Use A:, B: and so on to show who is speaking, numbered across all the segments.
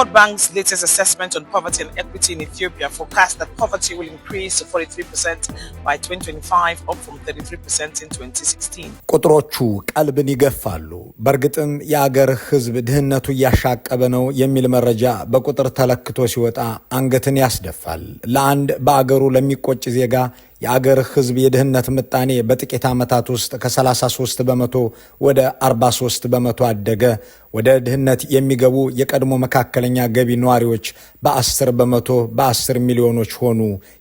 A: World Bank's latest assessment on poverty and equity in Ethiopia forecasts that poverty will increase to 43% by 2025 up from 33% in 2016.
B: ቁጥሮቹ ቀልብን ይገፋሉ። በእርግጥም የአገር ሕዝብ ድህነቱ እያሻቀበ ነው የሚል መረጃ በቁጥር ተለክቶ ሲወጣ አንገትን ያስደፋል። ለአንድ በአገሩ ለሚቆጭ ዜጋ የአገር ህዝብ የድህነት ምጣኔ በጥቂት ዓመታት ውስጥ ከ33 በመቶ ወደ 43 በመቶ አደገ። ወደ ድህነት የሚገቡ የቀድሞ መካከለኛ ገቢ ነዋሪዎች በ10 በመቶ በ10 ሚሊዮኖች ሆኑ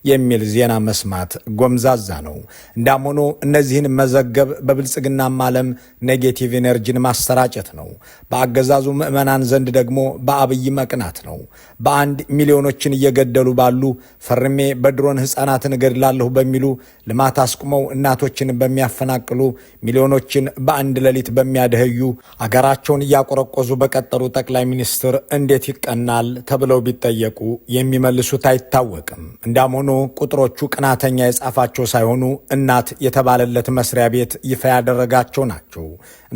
B: የሚል ዜና መስማት ጎምዛዛ ነው። እንዳም ሆኖ እነዚህን መዘገብ በብልጽግናም ዓለም ኔጌቲቭ ኢነርጂን ማሰራጨት ነው። በአገዛዙ ምዕመናን ዘንድ ደግሞ በአብይ መቅናት ነው። በአንድ ሚሊዮኖችን እየገደሉ ባሉ ፈርሜ በድሮን ሕፃናትን እገድላለሁ በሚ በሚሉ ልማት አስቁመው እናቶችን በሚያፈናቅሉ ሚሊዮኖችን በአንድ ሌሊት በሚያደህዩ አገራቸውን እያቆረቆዙ በቀጠሉ ጠቅላይ ሚኒስትር እንዴት ይቀናል ተብለው ቢጠየቁ የሚመልሱት አይታወቅም። እንዳም ሆኖ ቁጥሮቹ ቅናተኛ የጻፋቸው ሳይሆኑ እናት የተባለለት መስሪያ ቤት ይፋ ያደረጋቸው ናቸው።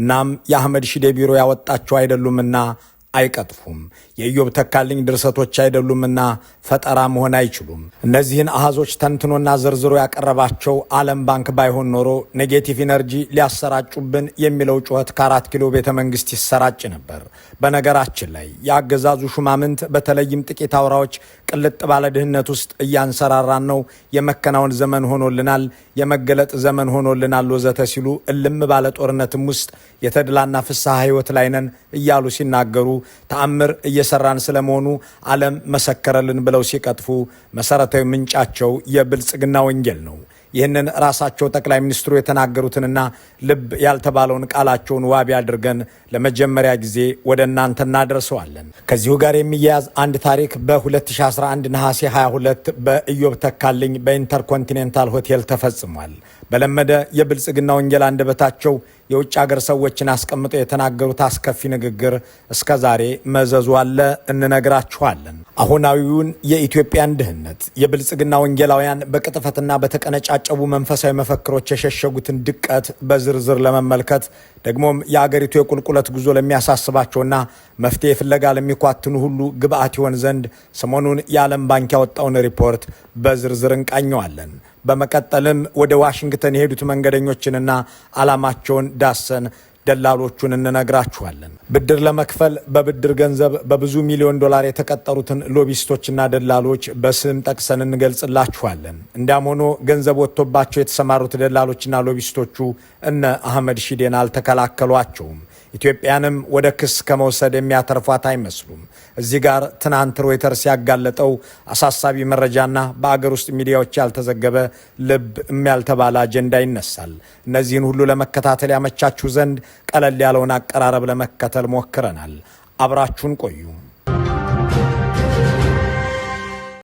B: እናም የአህመድ ሺዴ ቢሮ ያወጣቸው አይደሉምና አይቀጥፉም። የኢዮብ ተካልኝ ድርሰቶች አይደሉምና ፈጠራ መሆን አይችሉም። እነዚህን አሃዞች ተንትኖና ዝርዝሮ ያቀረባቸው ዓለም ባንክ ባይሆን ኖሮ ኔጌቲቭ ኢነርጂ ሊያሰራጩብን የሚለው ጩኸት ከአራት ኪሎ ቤተ መንግስት ይሰራጭ ነበር። በነገራችን ላይ የአገዛዙ ሹማምንት በተለይም ጥቂት አውራዎች ቅልጥ ባለ ድህነት ውስጥ እያንሰራራን ነው፣ የመከናወን ዘመን ሆኖልናል፣ የመገለጥ ዘመን ሆኖልናል ወዘተ ሲሉ እልም ባለ ጦርነትም ውስጥ የተድላና ፍስሐ ህይወት ላይነን እያሉ ሲናገሩ ተአምር እየ እየሰራን ስለመሆኑ ዓለም መሰከረልን ብለው ሲቀጥፉ መሰረታዊ ምንጫቸው የብልጽግና ወንጌል ነው። ይህንን ራሳቸው ጠቅላይ ሚኒስትሩ የተናገሩትንና ልብ ያልተባለውን ቃላቸውን ዋቢ አድርገን ለመጀመሪያ ጊዜ ወደ እናንተ እናደርሰዋለን። ከዚሁ ጋር የሚያያዝ አንድ ታሪክ በ2011 ነሐሴ 22 በኢዮብ ተካልኝ በኢንተርኮንቲኔንታል ሆቴል ተፈጽሟል። በለመደ የብልጽግና ወንጌል አንደበታቸው የውጭ አገር ሰዎችን አስቀምጠው የተናገሩት አስከፊ ንግግር እስከ ዛሬ መዘዙ አለ፣ እንነግራችኋለን። አሁናዊውን የኢትዮጵያን ድህነት የብልጽግና ወንጌላውያን በቅጥፈትና በተቀነጫጨቡ መንፈሳዊ መፈክሮች የሸሸጉትን ድቀት በዝርዝር ለመመልከት ደግሞም የአገሪቱ የቁልቁለት ጉዞ ለሚያሳስባቸውና መፍትሄ ፍለጋ ለሚኳትኑ ሁሉ ግብአት ይሆን ዘንድ ሰሞኑን የዓለም ባንክ ያወጣውን ሪፖርት በዝርዝር እንቃኘዋለን። በመቀጠልም ወደ ዋሽንግተን የሄዱት መንገደኞችንና ዓላማቸውን ዳሰን ደላሎቹን እንነግራችኋለን። ብድር ለመክፈል በብድር ገንዘብ በብዙ ሚሊዮን ዶላር የተቀጠሩትን ሎቢስቶችና ደላሎች በስም ጠቅሰን እንገልጽላችኋለን። እንዲያም ሆኖ ገንዘብ ወጥቶባቸው የተሰማሩት ደላሎችና ሎቢስቶቹ እነ አህመድ ሺዴን አልተከላከሏቸውም። ኢትዮጵያንም ወደ ክስ ከመውሰድ የሚያተርፏት አይመስሉም። እዚህ ጋር ትናንት ሮይተርስ ያጋለጠው አሳሳቢ መረጃና በአገር ውስጥ ሚዲያዎች ያልተዘገበ ልብ የሚያልተባለ አጀንዳ ይነሳል። እነዚህን ሁሉ ለመከታተል ያመቻችሁ ዘንድ ቀለል ያለውን አቀራረብ ለመከተል ሞክረናል። አብራችሁን ቆዩ።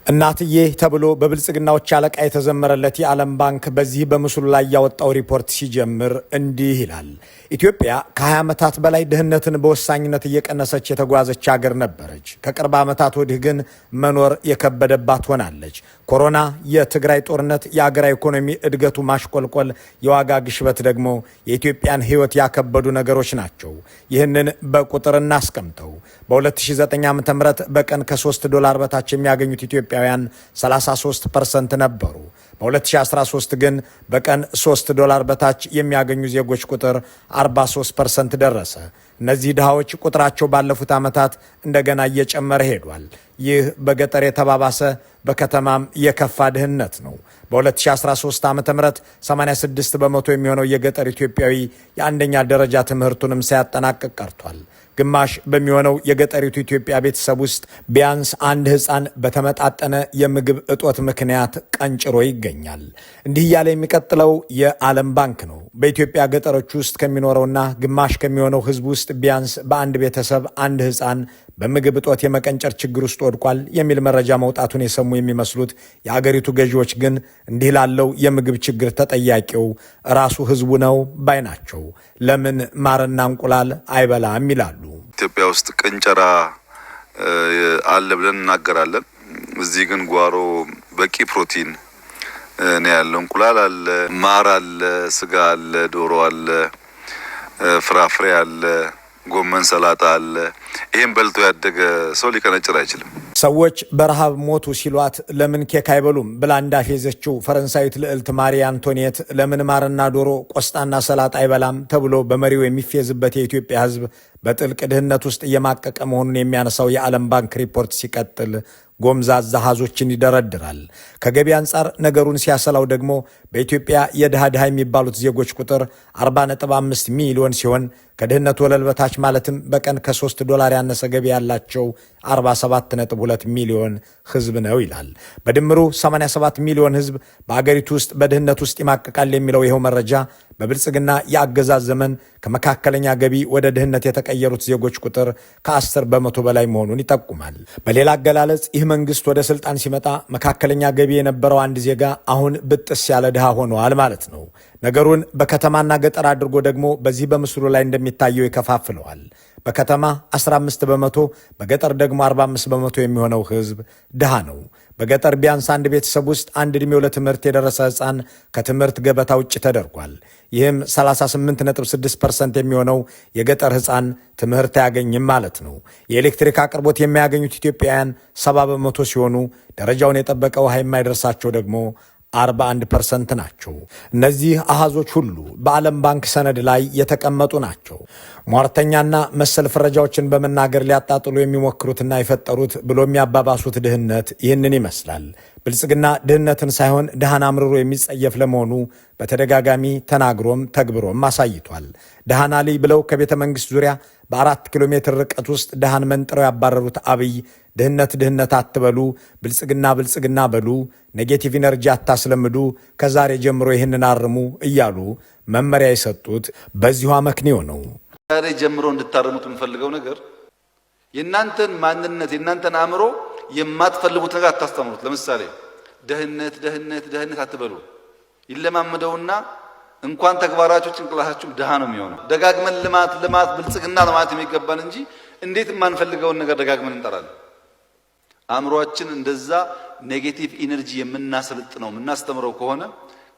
B: እናትዬ ተብሎ በብልጽግናዎች አለቃ የተዘመረለት የዓለም ባንክ በዚህ በምስሉ ላይ ያወጣው ሪፖርት ሲጀምር እንዲህ ይላል። ኢትዮጵያ ከ20 ዓመታት በላይ ድህነትን በወሳኝነት እየቀነሰች የተጓዘች ሀገር ነበረች። ከቅርብ ዓመታት ወዲህ ግን መኖር የከበደባት ሆናለች። ኮሮና፣ የትግራይ ጦርነት፣ የአገራ ኢኮኖሚ እድገቱ ማሽቆልቆል፣ የዋጋ ግሽበት ደግሞ የኢትዮጵያን ሕይወት ያከበዱ ነገሮች ናቸው። ይህንን በቁጥር እናስቀምጠው። በ2009 ዓ ም በቀን ከ3 ዶላር በታች የሚያገኙት ኢትዮጵያውያን 33 ፐርሰንት ነበሩ። በ2013 ግን በቀን 3 ዶላር በታች የሚያገኙ ዜጎች ቁጥር 43 ፐርሰንት ደረሰ። እነዚህ ድሃዎች ቁጥራቸው ባለፉት ዓመታት እንደገና እየጨመረ ሄዷል። ይህ በገጠር የተባባሰ በከተማም የከፋ ድህነት ነው። በ2013 ዓ ም 86 በመቶ የሚሆነው የገጠር ኢትዮጵያዊ የአንደኛ ደረጃ ትምህርቱንም ሳያጠናቅቅ ቀርቷል። ግማሽ በሚሆነው የገጠሪቱ ኢትዮጵያ ቤተሰብ ውስጥ ቢያንስ አንድ ሕፃን በተመጣጠነ የምግብ እጦት ምክንያት ቀንጭሮ ይገኛል። እንዲህ እያለ የሚቀጥለው የዓለም ባንክ ነው። በኢትዮጵያ ገጠሮች ውስጥ ከሚኖረውና ግማሽ ከሚሆነው ሕዝብ ውስጥ ቢያንስ በአንድ ቤተሰብ አንድ ሕፃን በምግብ እጦት የመቀንጨር ችግር ውስጥ ወድቋል የሚል መረጃ መውጣቱን የሰሙ የሚመስሉት የአገሪቱ ገዢዎች ግን እንዲህ ላለው የምግብ ችግር ተጠያቂው ራሱ ህዝቡ ነው ባይ ናቸው። ለምን ማርና እንቁላል አይበላም ይላሉ።
C: ኢትዮጵያ ውስጥ ቅንጨራ አለ ብለን እናገራለን። እዚህ ግን ጓሮ በቂ ፕሮቲን ነው ያለው። እንቁላል አለ፣ ማር አለ፣ ስጋ አለ፣ ዶሮ አለ፣ ፍራፍሬ አለ። ጎመን ሰላጣ አለ። ይህም በልቶ ያደገ ሰው ሊቀነጭር አይችልም።
B: ሰዎች በረሃብ ሞቱ ሲሏት ለምን ኬክ አይበሉም ብላ እንዳፌዘችው ፈረንሳዊት ልዕልት ማሪ አንቶኒየት ለምን ማርና ዶሮ፣ ቆስጣና ሰላጣ አይበላም ተብሎ በመሪው የሚፌዝበት የኢትዮጵያ ሕዝብ በጥልቅ ድህነት ውስጥ እየማቀቀ መሆኑን የሚያነሳው የዓለም ባንክ ሪፖርት ሲቀጥል ጎምዛዝ አሃዞችን ይደረድራል። ከገቢ አንጻር ነገሩን ሲያሰላው ደግሞ በኢትዮጵያ የድሃ ድሃ የሚባሉት ዜጎች ቁጥር 45 ሚሊዮን ሲሆን ከድህነት ወለል በታች ማለትም በቀን ከ3 ዶላር ያነሰ ገቢ ያላቸው 47.2 ሚሊዮን ህዝብ ነው ይላል። በድምሩ 87 ሚሊዮን ህዝብ በአገሪቱ ውስጥ በድህነት ውስጥ ይማቀቃል የሚለው ይኸው መረጃ በብልጽግና የአገዛዝ ዘመን ከመካከለኛ ገቢ ወደ ድህነት የተቀየሩት ዜጎች ቁጥር ከ10 በመቶ በላይ መሆኑን ይጠቁማል። በሌላ አገላለጽ ይህ መንግስት ወደ ስልጣን ሲመጣ መካከለኛ ገቢ የነበረው አንድ ዜጋ አሁን ብጥስ ያለ ድሃ ሆኗል ማለት ነው። ነገሩን በከተማና ገጠር አድርጎ ደግሞ በዚህ በምስሉ ላይ እንደሚታየው ይከፋፍለዋል። በከተማ 15 በመቶ በገጠር ደግሞ 45 በመቶ የሚሆነው ህዝብ ድሃ ነው። በገጠር ቢያንስ አንድ ቤተሰብ ውስጥ አንድ ዕድሜው ለትምህርት የደረሰ ሕፃን ከትምህርት ገበታ ውጭ ተደርጓል። ይህም 38.6% የሚሆነው የገጠር ሕፃን ትምህርት አያገኝም ማለት ነው። የኤሌክትሪክ አቅርቦት የሚያገኙት ኢትዮጵያውያን 70 በመቶ ሲሆኑ ደረጃውን የጠበቀ ውሃ የማይደርሳቸው ደግሞ 41 ፐርሰንት ናቸው። እነዚህ አሃዞች ሁሉ በዓለም ባንክ ሰነድ ላይ የተቀመጡ ናቸው። ሟርተኛና መሰል ፍረጃዎችን በመናገር ሊያጣጥሉ የሚሞክሩትና የፈጠሩት ብሎ የሚያባባሱት ድህነት ይህንን ይመስላል። ብልጽግና ድህነትን ሳይሆን ድሃን አምርሮ የሚጸየፍ ለመሆኑ በተደጋጋሚ ተናግሮም ተግብሮም አሳይቷል። ድሃን አሊ ብለው ከቤተ መንግሥት ዙሪያ በአራት ኪሎ ሜትር ርቀት ውስጥ ድሃን መንጥረው ያባረሩት አብይ ድህነት ድህነት አትበሉ፣ ብልጽግና ብልጽግና በሉ፣ ኔጌቲቭ ኢነርጂ አታስለምዱ፣ ከዛሬ ጀምሮ ይህንን አርሙ እያሉ መመሪያ የሰጡት በዚሁ አመክንዮ ነው።
D: ዛሬ ጀምሮ እንድታርሙት የምፈልገው ነገር የእናንተን ማንነት የእናንተን አእምሮ የማትፈልጉት ነገር አታስተምሩት። ለምሳሌ ደህነት ደህነት ደህነት አትበሉ። ይለማመደውና እንኳን ተግባራችሁ ጭንቅላታችሁም ድሃ ነው የሚሆነው። ደጋግመን ልማት ልማት ብልጽግና ልማት የሚገባን እንጂ እንዴት የማንፈልገውን ነገር ደጋግመን እንጠራለን። አእምሮአችን እንደዛ ኔጌቲቭ ኢነርጂ ነው የምናስተምረው ከሆነ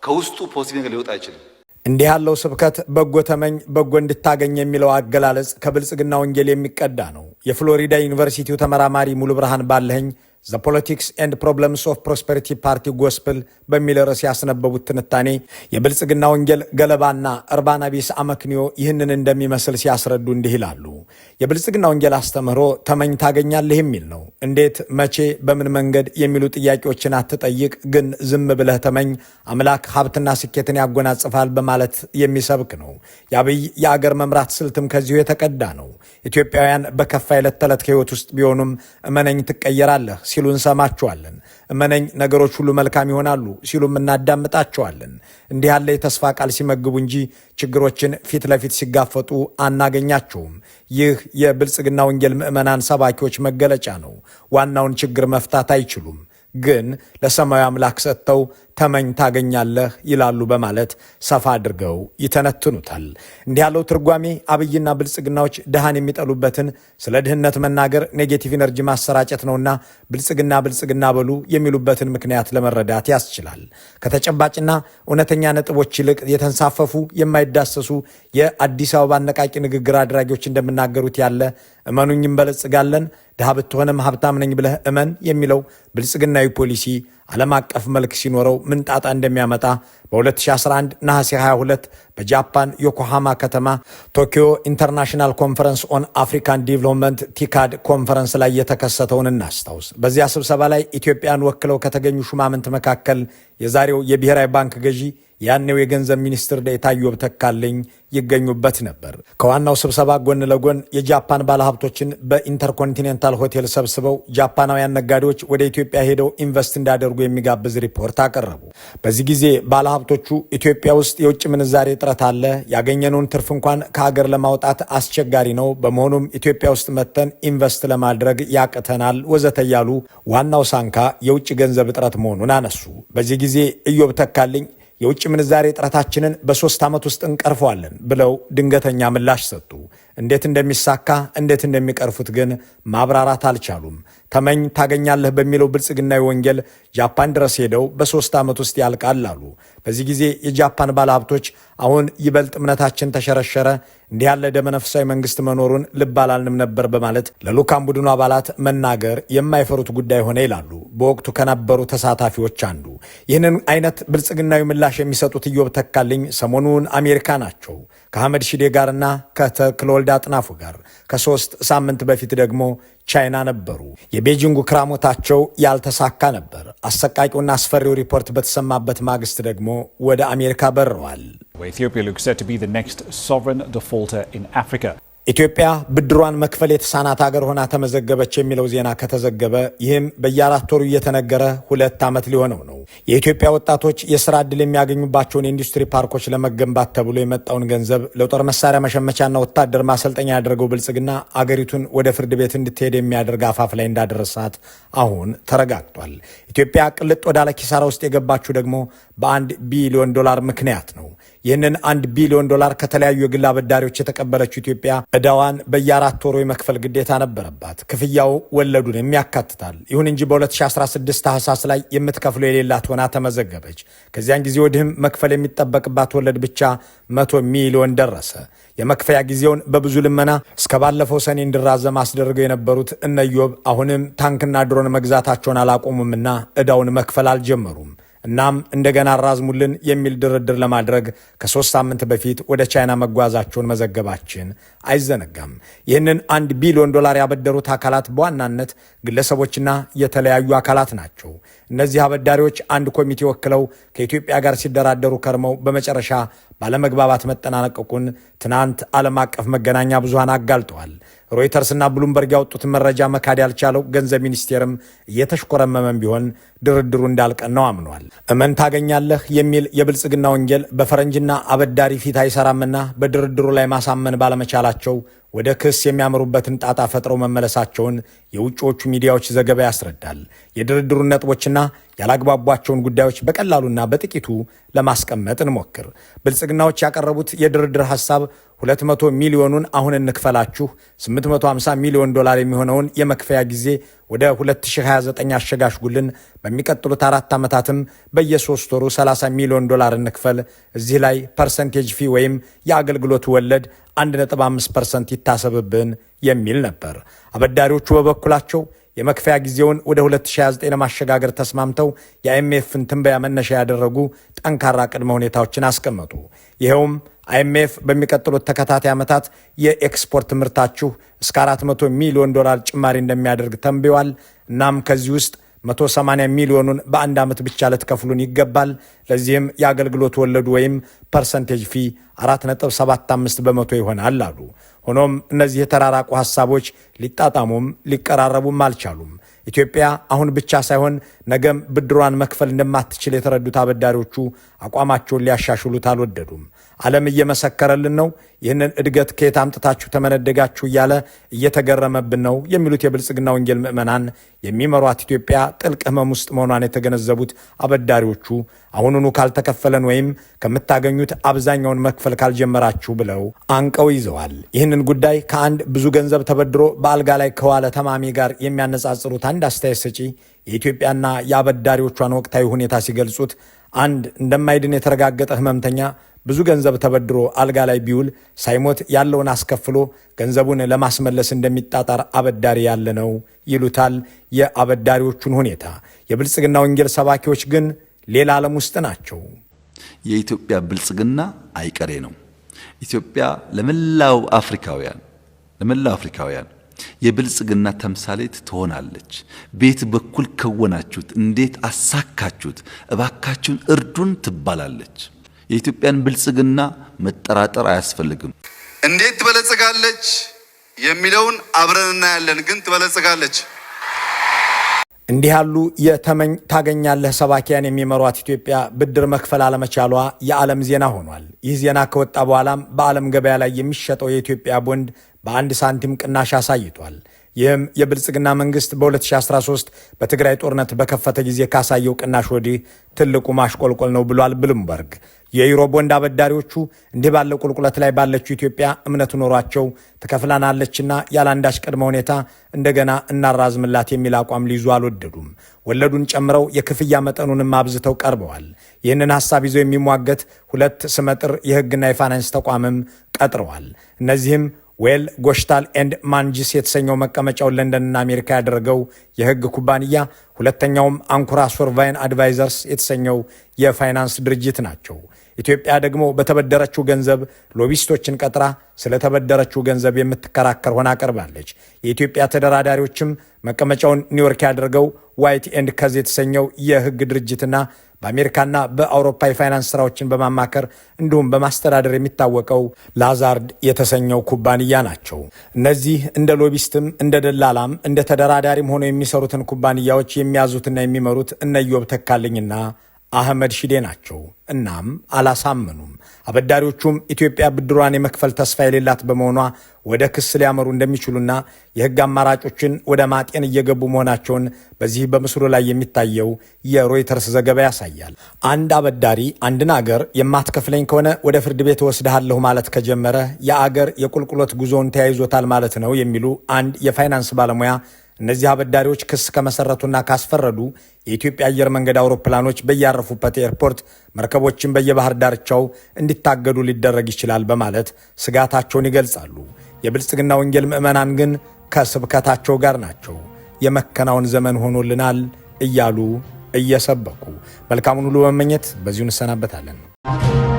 D: ከውስጡ ፖዚቲቭ ነገር ሊወጣ አይችልም።
B: እንዲህ ያለው ስብከት በጎ ተመኝ በጎ እንድታገኝ የሚለው አገላለጽ ከብልጽግና ወንጌል የሚቀዳ ነው። የፍሎሪዳ ዩኒቨርሲቲው ተመራማሪ ሙሉ ብርሃን ባለኸኝ ዘ ፖለቲክስ ኤንድ ፕሮብለምስ ኦፍ ፕሮስፐሪቲ ፓርቲ ጎስፕል በሚል ርዕስ ያስነበቡት ትንታኔ የብልጽግና ወንጌል ገለባና እርባና ቢስ አመክንዮ ይህንን እንደሚመስል ሲያስረዱ እንዲህ ይላሉ። የብልጽግና ወንጌል አስተምህሮ ተመኝ ታገኛለህ የሚል ነው። እንዴት፣ መቼ፣ በምን መንገድ የሚሉ ጥያቄዎችን አትጠይቅ፣ ግን ዝም ብለህ ተመኝ፣ አምላክ ሀብትና ስኬትን ያጎናጽፋል በማለት የሚሰብክ ነው። የአብይ የአገር መምራት ስልትም ከዚሁ የተቀዳ ነው። ኢትዮጵያውያን በከፋ የዕለት ተዕለት ህይወት ውስጥ ቢሆኑም እመነኝ ትቀየራለህ ሲሉ እንሰማችኋለን። እመነኝ ነገሮች ሁሉ መልካም ይሆናሉ ሲሉም እናዳምጣቸዋለን። እንዲህ ያለ የተስፋ ቃል ሲመግቡ እንጂ ችግሮችን ፊት ለፊት ሲጋፈጡ አናገኛቸውም። ይህ የብልጽግና ወንጌል ምዕመናን ሰባኪዎች መገለጫ ነው። ዋናውን ችግር መፍታት አይችሉም። ግን ለሰማዩ አምላክ ሰጥተው ተመኝ ታገኛለህ ይላሉ በማለት ሰፋ አድርገው ይተነትኑታል። እንዲህ ያለው ትርጓሜ አብይና ብልጽግናዎች ድሃን የሚጠሉበትን ስለ ድህነት መናገር ኔጌቲቭ ኢነርጂ ማሰራጨት ነውና ብልጽግና ብልጽግና በሉ የሚሉበትን ምክንያት ለመረዳት ያስችላል። ከተጨባጭና እውነተኛ ነጥቦች ይልቅ የተንሳፈፉ የማይዳሰሱ የአዲስ አበባ አነቃቂ ንግግር አድራጊዎች እንደሚናገሩት ያለ እመኑኝ በለጽጋለን፣ ድሃ ብትሆንም ሀብታም ነኝ ብለህ እመን የሚለው ብልጽግናዊ ፖሊሲ ዓለም አቀፍ መልክ ሲኖረው ምን ጣጣ እንደሚያመጣ በ2011 ነሐሴ 22 በጃፓን ዮኮሃማ ከተማ ቶኪዮ ኢንተርናሽናል ኮንፈረንስ ኦን አፍሪካን ዲቨሎፕመንት ቲካድ ኮንፈረንስ ላይ የተከሰተውን እናስታውስ። በዚያ ስብሰባ ላይ ኢትዮጵያን ወክለው ከተገኙ ሹማምንት መካከል የዛሬው የብሔራዊ ባንክ ገዢ ያኔው የገንዘብ ሚኒስትር ዴኤታ ኢዮብ ተካልኝ ይገኙበት ነበር። ከዋናው ስብሰባ ጎን ለጎን የጃፓን ባለሀብቶችን በኢንተርኮንቲኔንታል ሆቴል ሰብስበው ጃፓናውያን ነጋዴዎች ወደ ኢትዮጵያ ሄደው ኢንቨስት እንዳደርጉ የሚጋብዝ ሪፖርት አቀረቡ። በዚህ ጊዜ ባለሀብቶቹ ኢትዮጵያ ውስጥ የውጭ ምንዛሬ እጥረት አለ፣ ያገኘነውን ትርፍ እንኳን ከሀገር ለማውጣት አስቸጋሪ ነው፣ በመሆኑም ኢትዮጵያ ውስጥ መተን ኢንቨስት ለማድረግ ያቅተናል ወዘተ እያሉ ዋናው ሳንካ የውጭ ገንዘብ እጥረት መሆኑን አነሱ። በዚህ ጊዜ እዮብ ተካልኝ የውጭ ምንዛሬ እጥረታችንን በሶስት ዓመት ውስጥ እንቀርፈዋለን ብለው ድንገተኛ ምላሽ ሰጡ። እንዴት እንደሚሳካ እንዴት እንደሚቀርፉት ግን ማብራራት አልቻሉም። ተመኝ ታገኛለህ በሚለው ብልጽግናዊ ወንጌል ጃፓን ድረስ ሄደው በሶስት ዓመት ውስጥ ያልቃል አሉ። በዚህ ጊዜ የጃፓን ባለሀብቶች አሁን ይበልጥ እምነታችን ተሸረሸረ፣ እንዲህ ያለ ደመነፍሳዊ መንግስት መኖሩን ልብ አላልንም ነበር በማለት ለልዑካን ቡድኑ አባላት መናገር የማይፈሩት ጉዳይ ሆነ ይላሉ በወቅቱ ከነበሩ ተሳታፊዎች አንዱ። ይህንን አይነት ብልጽግናዊ ምላሽ የሚሰጡት እዮብ ተካልኝ ሰሞኑን አሜሪካ ናቸው። ከአህመድ ሺዴ ጋርና ከተክለወልድ አጥናፉ ጋር ከሶስት ሳምንት በፊት ደግሞ ቻይና ነበሩ። የቤጂንጉ ክራሞታቸው ያልተሳካ ነበር። አሰቃቂውና አስፈሪው ሪፖርት በተሰማበት ማግስት ደግሞ ወደ አሜሪካ በረዋል። ኢትዮጵያ ብድሯን መክፈል የተሳናት ሀገር ሆና ተመዘገበች የሚለው ዜና ከተዘገበ ይህም በየአራት ወሩ እየተነገረ ሁለት ዓመት ሊሆነው ነው። የኢትዮጵያ ወጣቶች የስራ ዕድል የሚያገኙባቸውን የኢንዱስትሪ ፓርኮች ለመገንባት ተብሎ የመጣውን ገንዘብ ለጦር መሳሪያ መሸመቻና ወታደር ማሰልጠኛ ያደረገው ብልጽግና አገሪቱን ወደ ፍርድ ቤት እንድትሄድ የሚያደርግ አፋፍ ላይ እንዳደረሳት አሁን ተረጋግጧል። ኢትዮጵያ ቅልጥ ወዳለ ኪሳራ ውስጥ የገባችው ደግሞ በአንድ ቢሊዮን ዶላር ምክንያት ነው። ይህንን አንድ ቢሊዮን ዶላር ከተለያዩ የግል አበዳሪዎች የተቀበለችው ኢትዮጵያ ዕዳዋን በየአራት ወሩ የመክፈል ግዴታ ነበረባት። ክፍያው ወለዱንም ያካትታል። ይሁን እንጂ በ2016 ታህሳስ ላይ የምትከፍለው የሌላት ሆና ተመዘገበች። ከዚያን ጊዜ ወዲህም መክፈል የሚጠበቅባት ወለድ ብቻ መቶ ሚሊዮን ደረሰ። የመክፈያ ጊዜውን በብዙ ልመና እስከ ባለፈው ሰኔ እንዲራዘም አስደርገው የነበሩት እነ አሁንም ታንክና ድሮን መግዛታቸውን አላቆሙምና ዕዳውን መክፈል አልጀመሩም። እናም እንደገና አራዝሙልን የሚል ድርድር ለማድረግ ከሶስት ሳምንት በፊት ወደ ቻይና መጓዛቸውን መዘገባችን አይዘነጋም። ይህንን አንድ ቢሊዮን ዶላር ያበደሩት አካላት በዋናነት ግለሰቦችና የተለያዩ አካላት ናቸው። እነዚህ አበዳሪዎች አንድ ኮሚቴ ወክለው ከኢትዮጵያ ጋር ሲደራደሩ ከርመው በመጨረሻ ባለመግባባት መጠናቀቁን ትናንት ዓለም አቀፍ መገናኛ ብዙሃን አጋልጠዋል። ሮይተርስና ብሉምበርግ ያወጡትን መረጃ መካድ ያልቻለው ገንዘብ ሚኒስቴርም እየተሽኮረመመም ቢሆን ድርድሩ እንዳልቀን ነው አምኗል። እመን ታገኛለህ የሚል የብልጽግና ወንጀል በፈረንጅና አበዳሪ ፊት አይሰራምና በድርድሩ ላይ ማሳመን ባለመቻላቸው ወደ ክስ የሚያምሩበትን ጣጣ ፈጥረው መመለሳቸውን የውጭዎቹ ሚዲያዎች ዘገባ ያስረዳል። የድርድሩን ነጥቦችና ያላግባቧቸውን ጉዳዮች በቀላሉና በጥቂቱ ለማስቀመጥ እንሞክር። ብልጽግናዎች ያቀረቡት የድርድር ሐሳብ 200 ሚሊዮኑን አሁን እንክፈላችሁ 850 ሚሊዮን ዶላር የሚሆነውን የመክፈያ ጊዜ ወደ 2029 አሸጋሽጉልን። በሚቀጥሉት አራት ዓመታትም በየሶስት ወሩ 30 ሚሊዮን ዶላር እንክፈል። እዚህ ላይ ፐርሰንቴጅ ፊ ወይም የአገልግሎት ወለድ 1.5 ፐርሰንት ይታሰብብን የሚል ነበር። አበዳሪዎቹ በበኩላቸው የመክፈያ ጊዜውን ወደ 2029 ለማሸጋገር ተስማምተው የአይኤምኤፍን ትንበያ መነሻ ያደረጉ ጠንካራ ቅድመ ሁኔታዎችን አስቀመጡ። ይኸውም አይኤምኤፍ በሚቀጥሉት ተከታታይ ዓመታት የኤክስፖርት ምርታችሁ እስከ 400 ሚሊዮን ዶላር ጭማሪ እንደሚያደርግ ተንብዋል። እናም ከዚህ ውስጥ 180 ሚሊዮኑን በአንድ ዓመት ብቻ ልትከፍሉን ይገባል። ለዚህም የአገልግሎት ወለዱ ወይም ፐርሰንቴጅ ፊ 4.75 በመቶ ይሆናል አሉ። ሆኖም እነዚህ የተራራቁ ሐሳቦች ሊጣጣሙም ሊቀራረቡም አልቻሉም። ኢትዮጵያ አሁን ብቻ ሳይሆን ነገም ብድሯን መክፈል እንደማትችል የተረዱት አበዳሪዎቹ አቋማቸውን ሊያሻሽሉት አልወደዱም። ዓለም እየመሰከረልን ነው። ይህንን እድገት ከየት አምጥታችሁ ተመነደጋችሁ እያለ እየተገረመብን ነው የሚሉት የብልጽግና ወንጌል ምዕመናን የሚመሯት ኢትዮጵያ ጥልቅ ሕመም ውስጥ መሆኗን የተገነዘቡት አበዳሪዎቹ አሁኑኑ ካልተከፈለን ወይም ከምታገኙት አብዛኛውን መክፈል ካልጀመራችሁ ብለው አንቀው ይዘዋል። ይህንን ጉዳይ ከአንድ ብዙ ገንዘብ ተበድሮ በአልጋ ላይ ከዋለ ተማሚ ጋር የሚያነጻጽሩት አንድ አስተያየት ሰጪ የኢትዮጵያና የአበዳሪዎቿን ወቅታዊ ሁኔታ ሲገልጹት አንድ እንደማይድን የተረጋገጠ ሕመምተኛ ብዙ ገንዘብ ተበድሮ አልጋ ላይ ቢውል ሳይሞት ያለውን አስከፍሎ ገንዘቡን ለማስመለስ እንደሚጣጣር አበዳሪ ያለ ነው ይሉታል የአበዳሪዎቹን ሁኔታ። የብልጽግና ወንጌል ሰባኪዎች ግን ሌላ ዓለም ውስጥ ናቸው።
E: የኢትዮጵያ ብልጽግና አይቀሬ ነው። ኢትዮጵያ ለመላው አፍሪካውያን ለመላው አፍሪካውያን የብልጽግና ተምሳሌት ትሆናለች። ቤት በኩል ከወናችሁት፣ እንዴት አሳካችሁት፣ እባካችሁን እርዱን ትባላለች። የኢትዮጵያን ብልጽግና መጠራጠር አያስፈልግም።
F: እንዴት ትበለጽጋለች የሚለውን አብረን እናያለን፣ ግን ትበለጽጋለች።
B: እንዲህ ያሉ የተመኝ ታገኛለህ ሰባኪያን የሚመሯት ኢትዮጵያ ብድር መክፈል አለመቻሏ የዓለም ዜና ሆኗል። ይህ ዜና ከወጣ በኋላም በዓለም ገበያ ላይ የሚሸጠው የኢትዮጵያ ቦንድ በአንድ ሳንቲም ቅናሽ አሳይቷል። ይህም የብልጽግና መንግስት በ2013 በትግራይ ጦርነት በከፈተ ጊዜ ካሳየው ቅናሽ ወዲህ ትልቁ ማሽቆልቆል ነው ብሏል ብሉምበርግ። የዩሮ ቦንድ አበዳሪዎቹ እንዲህ ባለ ቁልቁለት ላይ ባለችው ኢትዮጵያ እምነት ኖሯቸው ትከፍላናለችና ያለአንዳች ቅድመ ሁኔታ እንደገና እናራዝምላት የሚል አቋም ሊይዙ አልወደዱም። ወለዱን ጨምረው የክፍያ መጠኑንም አብዝተው ቀርበዋል። ይህንን ሀሳብ ይዘው የሚሟገት ሁለት ስመጥር የህግና የፋይናንስ ተቋምም ቀጥረዋል። እነዚህም ዌል ጎሽታል ኤንድ ማንጂስ የተሰኘው መቀመጫውን ለንደንና አሜሪካ ያደረገው የህግ ኩባንያ ሁለተኛውም አንኩራ ሶርቫይን አድቫይዘርስ የተሰኘው የፋይናንስ ድርጅት ናቸው። ኢትዮጵያ ደግሞ በተበደረችው ገንዘብ ሎቢስቶችን ቀጥራ ስለተበደረችው ገንዘብ የምትከራከር ሆና ቀርባለች። የኢትዮጵያ ተደራዳሪዎችም መቀመጫውን ኒውዮርክ ያደርገው ዋይት ኤንድ ከዝ የተሰኘው የህግ ድርጅትና በአሜሪካና በአውሮፓ የፋይናንስ ስራዎችን በማማከር እንዲሁም በማስተዳደር የሚታወቀው ላዛርድ የተሰኘው ኩባንያ ናቸው። እነዚህ እንደ ሎቢስትም እንደ ደላላም እንደ ተደራዳሪም ሆነው የሚሰሩትን ኩባንያዎች የሚያዙትና የሚመሩት እነ ተካልኝና አህመድ ሺዴ ናቸው። እናም አላሳመኑም። አበዳሪዎቹም ኢትዮጵያ ብድሯን የመክፈል ተስፋ የሌላት በመሆኗ ወደ ክስ ሊያመሩ እንደሚችሉና የሕግ አማራጮችን ወደ ማጤን እየገቡ መሆናቸውን በዚህ በምስሉ ላይ የሚታየው የሮይተርስ ዘገባ ያሳያል። አንድ አበዳሪ አንድን አገር የማትከፍለኝ ከሆነ ወደ ፍርድ ቤት ወስድሃለሁ ማለት ከጀመረ የአገር የቁልቁሎት ጉዞውን ተያይዞታል ማለት ነው የሚሉ አንድ የፋይናንስ ባለሙያ እነዚህ አበዳሪዎች ክስ ከመሰረቱና ካስፈረዱ የኢትዮጵያ አየር መንገድ አውሮፕላኖች በያረፉበት ኤርፖርት፣ መርከቦችን በየባህር ዳርቻው እንዲታገዱ ሊደረግ ይችላል በማለት ስጋታቸውን ይገልጻሉ። የብልጽግና ወንጌል ምዕመናን ግን ከስብከታቸው ጋር ናቸው። የመከናወን ዘመን ሆኖልናል እያሉ እየሰበኩ መልካሙን ሁሉ በመመኘት በዚሁ እንሰናበታለን።